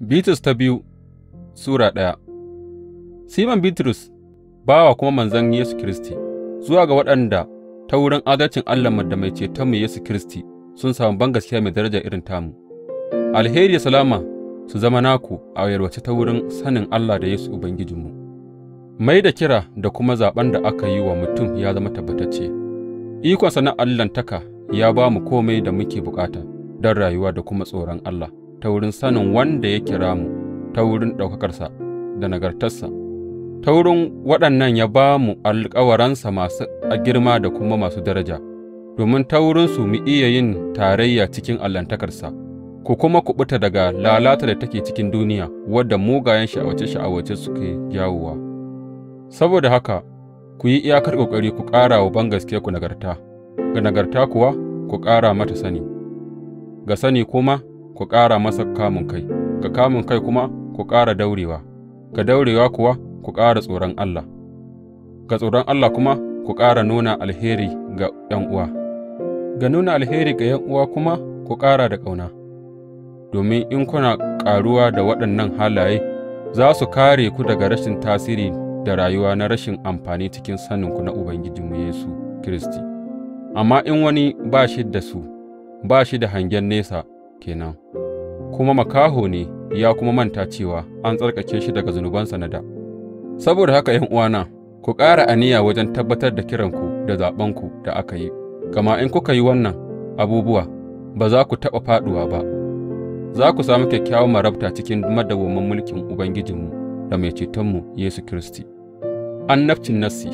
Bitrus ta biyu Sura ɗaya Siman Bitrus, bawa kuma manzan Yesu Kiristi, zuwa ga waɗanda ta wurin adalcin Allahnmu da Mai Cetonmu Yesu Kiristi sun samu bangaskiya mai daraja irin tamu, alheri da salama su zama naku a yalwace ta wurin sanin Allah da Yesu Ubangijinmu, mai da kira da kuma zaɓen da aka yi wa mutum ya zama tabbatacce, ikonsa na Allahntaka ya ba mu komai da muke bukata don rayuwa da kuma tsoron Allah. ta wurin sanin wanda ya kira mu ta wurin ɗaukakarsa da nagartarsa, ta wurin waɗannan ya ba mu alkawaransa masu a girma da kuma masu daraja, domin ta wurinsu mu iya yin tarayya cikin allantakarsa, ku kuma ku ɓuta daga lalata da take cikin duniya wadda mugayen sha'awace-sha'awace suke jawowa. Saboda haka, ku yi iyakar ƙoƙari ku ƙara wa ku nagarta, ga nagarta kuwa ku ƙara mata sani, ga sani kuma ku ƙara masa kamun kamunkai, ga kai kuma ku ƙara daurewa, ga daurewa kuwa ku ƙara tsoron Allah, ga tsoron Allah kuma ku ƙara nuna alheri ga ’yan'uwa, ga nuna alheri ga ’yan'uwa kuma ku ƙara da ƙauna, domin in kuna ƙaruwa da waɗannan halaye, za su kare ku daga rashin tasiri da rayuwa na rashin amfani cikin saninku na Ubangijinmu Yesu Kiristi. Amma in wani ba shi da su, ba shi da hangen nesa, ke nan, kuma makaho ne ya kuma manta cewa an tsarkake shi daga zunubansa na da Saboda haka ’yan'uwana, ku ƙara aniya wajen tabbatar da kiranku da zaɓenku da aka yi, gama in kuka yi wannan abubuwa, ba za ku taɓa faɗuwa ba, za ku samu kyakkyawan marabta cikin madawwamin mulkin Ubangijinmu da Mai Cetonmu Yesu Kiristi. Annabcin Nassi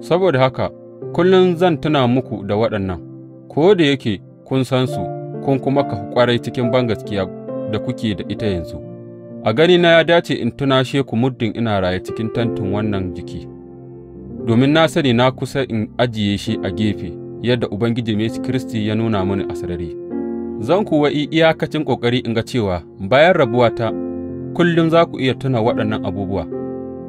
Saboda haka, kullum zan tuna muku da waɗannan, ko da yake kun san su kun kuma ka ƙwarai cikin ban gaskiya da kuke da ita yanzu, a gani na ya dace in tunashe ku muddin ina raye cikin tantin wannan jiki, domin na sani na kusa in ajiye shi a gefe yadda Ubangiji Yesu Kiristi ya nuna mini a sarari. Zan kuwa yi iyakacin ƙoƙari in ga cewa bayan rabuwa ta. kullum za ku iya tuna waɗannan abubuwa.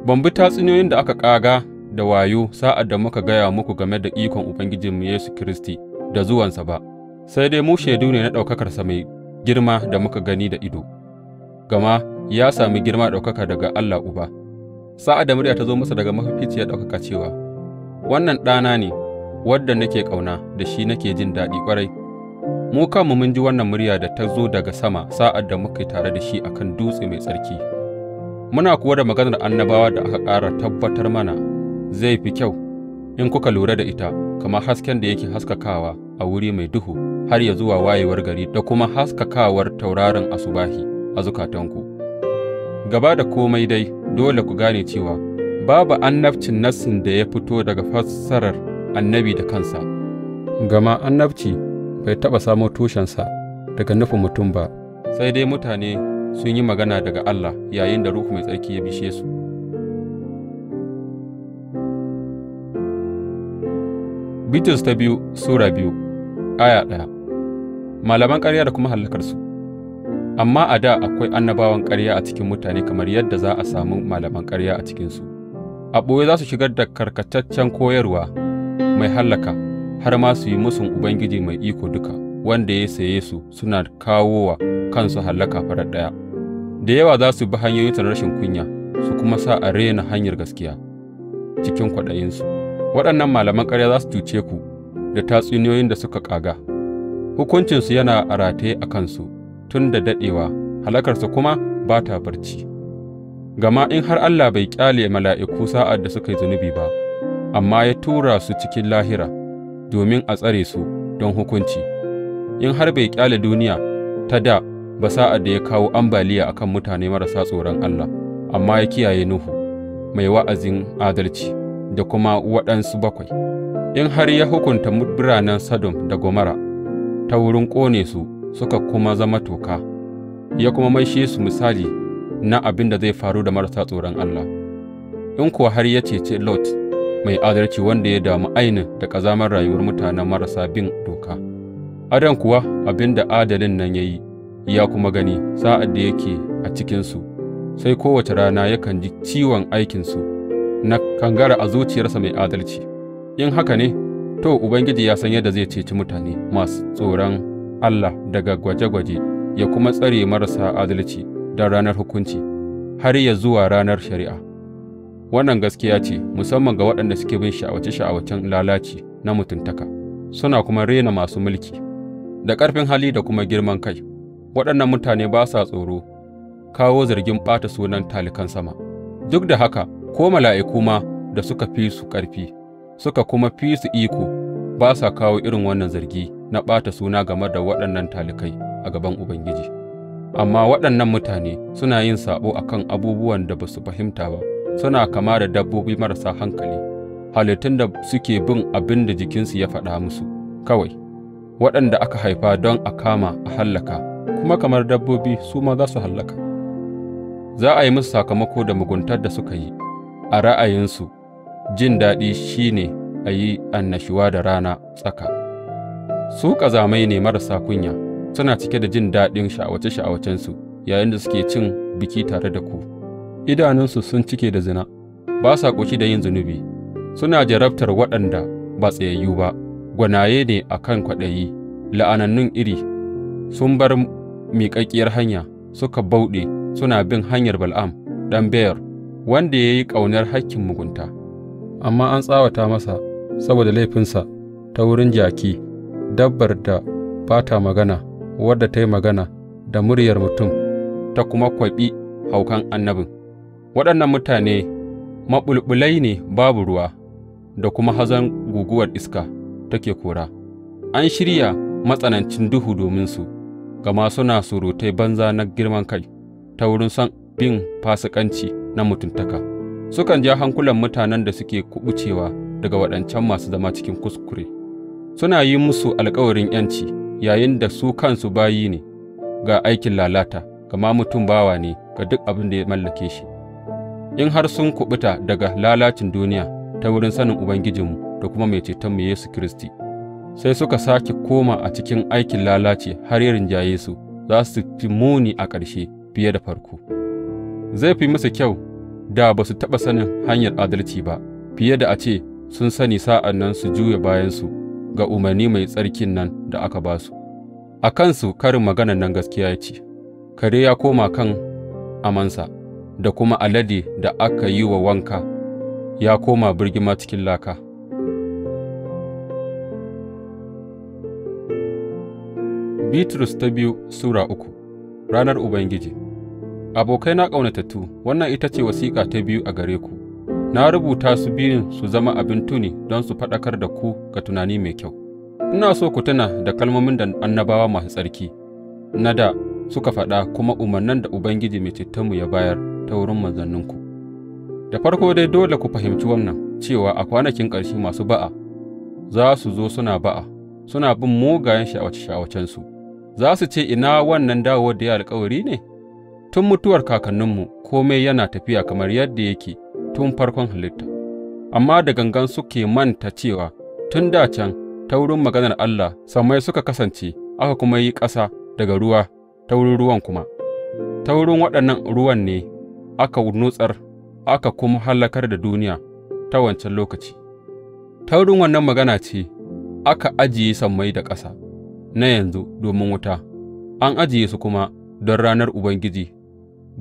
Ban bi tatsuniyoyin da aka ƙaga da wayo sa'ad da muka gaya muku game da ikon Ubangijinmu Yesu Kiristi da zuwansa ba. sai dai mu shaidu ne na ɗaukakarsa mai girma da muka gani da ido, gama ya sami girma ɗaukaka daga Allah Uba, sa'ad da murya ta zo masa daga mafificiyar ɗaukaka cewa, Wannan ɗana ne, wadda nake ƙauna da shi nake jin daɗi ƙwarai. Mu kanmu mun ji wannan murya da ta zo daga sama sa'ad da muka tare da shi a kan dutse mai tsarki. Muna kuwa da maganar annabawa da aka ƙara tabbatar mana zai fi kyau in kuka lura da ita, kamar hasken da yake haskakawa a wuri mai duhu. har ya zuwa wayewar gari da kuma haskakawar tauraron asubahi a zukatanku. Gaba da komai dai, dole ku gane cewa babu annabcin nassin da ya fito daga fassarar annabi da kansa, gama annabci bai taɓa samo tushensa daga nufin mutum ba, sai dai mutane sun yi magana daga Allah yayin da Ruhu Mai Tsarki ya bishe su. Bitus ta biyu Sura biyu aya ɗaya malaman ƙarya da kuma hallakarsu. Amma a da akwai annabawan ƙarya a cikin mutane kamar yadda za a samu malaman ƙarya a cikinsu. A ɓoye za su shigar da karkataccen koyarwa mai hallaka har ma su yi musun Ubangiji mai iko duka wanda ya saye su suna kawo wa kansu hallaka farar ɗaya. Da yawa za su bi hanyoyin rashin kunya su kuma sa a rena hanyar gaskiya cikin kwaɗayinsu. Waɗannan malaman ƙarya za su cuce ku da tatsuniyoyin da suka ƙaga. Hukuncinsu yana a rataye a kansu tun da daɗewa, halakarsa kuma ba ta barci. Gama in har Allah bai ƙyale mala'iku sa'ad da suka yi zunubi ba, amma ya tura su cikin lahira domin a tsare su don hukunci, in har bai ƙyale duniya ta da ba sa'ad da ya kawo ambaliya a kan mutane marasa tsoron Allah, amma ya kiyaye Nuhu, mai wa'azin adalci, da kuma waɗansu bakwai, in har ya hukunta biranen sadom da Gomara. ta wurin ƙone su suka kuma zama toka, ya kuma maishe su misali na abin da zai faru da marasa tsoron Allah, in kuwa har ya cece Lot mai adalci wanda ya damu ainin da ƙazamar rayuwar mutanen marasa bin doka, Adam kuwa abin da adalin nan ya yi, ya kuma gani sa'ad da yake a cikinsu, sai kowace rana yakan ji ciwon aikinsu na kangara a zuciyarsa mai adalci, in haka ne. To, Ubangiji ya san yadda zai ceci mutane masu tsoron Allah daga gwaje-gwaje ya kuma tsare marasa adalci da ranar hukunci har ya zuwa ranar shari'a. Wannan gaskiya ce musamman ga waɗanda suke bin sha'awace-sha'awacen lalaci na mutuntaka, suna kuma rena masu mulki, da ƙarfin hali da kuma girman kai. Waɗannan mutane ba sa tsoro kawo zargin ɓata sunan talikan sama, duk da haka ko mala'iku ma da suka fi su ƙarfi. suka kuma fi su iko, ba sa kawo irin wannan zargi na ɓata suna game da waɗannan talikai a gaban Ubangiji. Amma waɗannan mutane suna yin saɓo a kan abubuwan da ba su fahimta ba, suna kama da dabbobi marasa hankali, halittun da suke bin abin da jikinsu ya faɗa musu kawai, waɗanda aka haifa don a kama a hallaka, kuma kamar dabbobi su ma za su hallaka. Za a yi musu sakamako da muguntar da suka yi a ra'ayinsu Jin daɗi shi ne a yi annashuwa da rana tsaka; su ƙazamai ne marasa kunya, suna cike da jin daɗin sha'awace sha'awacensu yayin da suke cin biki tare da ku; idanunsu sun cike da zina, ba sa ƙoshi da yin zunubi, suna jarabtar waɗanda ba tsayayyu ba, gwanaye ne a kan kwaɗayi, la'anannun iri, sun bar miƙaƙƙiyar hanya, suka bauɗe suna bin hanyar bal'am. ɗan Beyar, wanda ya yi ƙaunar hakkin mugunta. amma an tsawata masa saboda laifinsa ta wurin jaki, dabbar da ba ta magana, wadda ta yi magana da muryar mutum, ta kuma kwaɓi haukan annabin. Waɗannan mutane maɓulɓulai ne babu ruwa da kuma hazan guguwar iska take kora. An shirya matsanancin duhu dominsu, gama suna surutai banza na girman kai ta wurin son bin fasikanci na mutuntaka. Sukan ja hankulan mutanen da suke kubucewa daga waɗancan masu zama cikin kuskure, suna yi musu alkawarin ’yanci, yayin da su kansu bayi ne ga aikin lalata, gama mutum bawa ne ga duk abin da ya mallake shi. In har sun kuɓuta daga lalacin duniya ta wurin sanin Ubangijinmu da kuma Mai Cetonmu Yesu Kiristi, sai suka sake koma a cikin aikin lalaci har ya rinjaye su, za su fi muni a ƙarshe fiye da farko. Zai fi musu kyau da ba su taɓa sanin hanyar adalci ba, fiye da a ce sun sani sa'an nan su juya bayansu ga umarni mai tsarkin nan da aka ba su. A kansu karin maganan nan gaskiya ya ce, kare ya koma kan amansa, da kuma alade da aka yi wa wanka ya koma birgima cikin laka. Bitrus ta biyu Sura uku Ranar Ubangiji Abokaina ƙaunatattu, wannan ita ce wasiƙa ta biyu a gare ku, na rubuta su biyun su zama abin tuni don su faɗakar da ku ga tunani mai kyau. Ina so ku tuna da kalmomin da annabawa masu tsarki na da suka faɗa kuma umarnan da Ubangiji Mai Cetonmu ya bayar ta wurin manzanninku. Da farko dai dole ku fahimci wannan cewa a kwanakin ƙarshe masu ba'a za su zo suna ba'a, suna bin mugayen sha'awace-sha'awacensu. Za su ce ina wannan dawo da ya alkawari ne? Tun mutuwar kakanninmu kome yana tafiya kamar yadda yake tun farkon halitta, amma da gangan suke manta cewa tun da can, ta wurin maganar Allah, samai suka kasance, aka kuma yi ƙasa daga ruwa ta wurin ruwan kuma, ta wurin waɗannan ruwan ne aka nutsar aka kuma halakar da duniya ta wancan lokaci. Ta wurin wannan magana ce aka ajiye sammai da ƙasa na yanzu domin wuta, an ajiye su kuma don ranar Ubangiji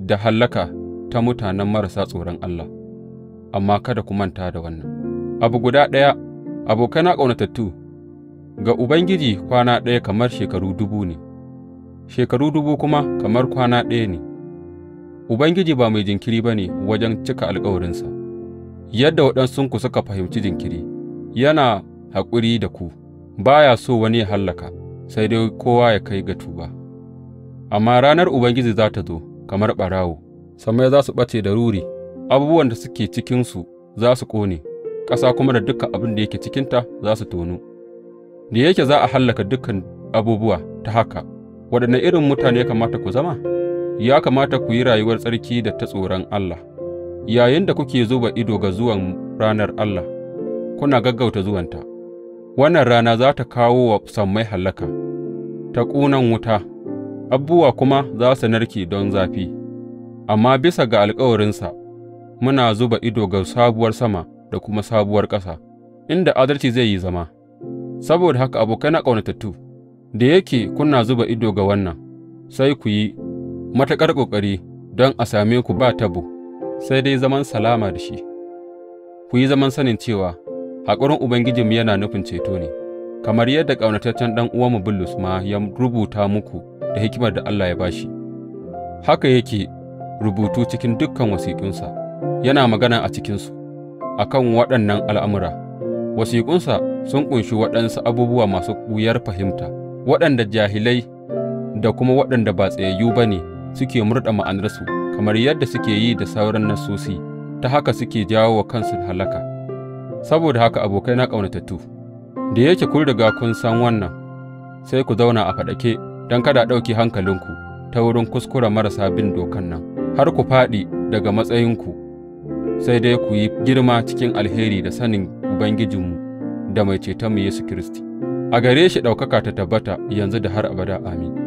da hallaka ta mutanen marasa tsoron Allah, amma kada ku manta da wannan, abu guda ɗaya, abokaina ƙaunatattu, ga Ubangiji kwana ɗaya kamar shekaru dubu ne, shekaru dubu kuma kamar kwana ɗaya ne. Ubangiji ba mai jinkiri ba ne wajen cika alkawarinsa, yadda waɗansunku suka fahimci jinkiri, yana haƙuri da ku, ba ya so wani ya hallaka, sai dai kowa ya kai ga tuba. Amma ranar Ubangiji za ta zo. kamar ɓarawo, sammai za su ɓace da ruri, abubuwan da suke cikinsu za su ƙone, ƙasa kuma da dukan abin da yake cikinta za su tonu. Da yake za a hallaka dukan abubuwa ta haka, waɗanne irin mutane ya kamata ku zama? Ya kamata ku yi rayuwar tsarki da ta tsoron Allah, Yayin da kuke zuba ido ga zuwan ranar Allah, kuna gaggauta zuwanta. Wannan rana za ta kawo wa sammai hallaka, ta ƙunan wuta abubuwa kuma za su narke don zafi, amma bisa ga alkawarinsa muna zuba ido ga sabuwar sama da kuma sabuwar ƙasa, inda adalci zai yi zama. Saboda haka abokai na ƙaunatattu, da yake kuna zuba ido ga wannan, sai ku yi matuƙar ƙoƙari don a same ku ba tabo, sai dai zaman salama da shi. Ku yi zaman sanin cewa haƙurin Ubangijinmu yana nufin ceto ne. kamar yadda ƙaunataccen ɗan'uwanmu Bulus ma ya rubuta muku da hikimar da Allah ya ba shi, haka yake rubutu cikin dukkan wasiƙunsa, yana magana a cikinsu a kan waɗannan al'amura. Wasiƙunsa sun ƙunshi waɗansu abubuwa masu ƙuyar fahimta, waɗanda jahilai da kuma waɗanda ba tsayayyu ba ne suke murɗa ma'anarsu, kamar yadda suke yi da sauran nasosi, ta haka suke jawo wa kansu halaka. Saboda haka abokai na ƙaunatattu. Da yake kun riga kun san wannan, sai ku zauna a faɗake don kada a ɗauki hankalinku ta wurin kuskura marasa bin dokan nan, har ku faɗi daga matsayinku, sai dai ku yi girma cikin alheri da sanin Ubangijinmu da Mai Cetonmu Yesu Kiristi. A gare shi ɗaukaka ta tabbata yanzu da har abada amin.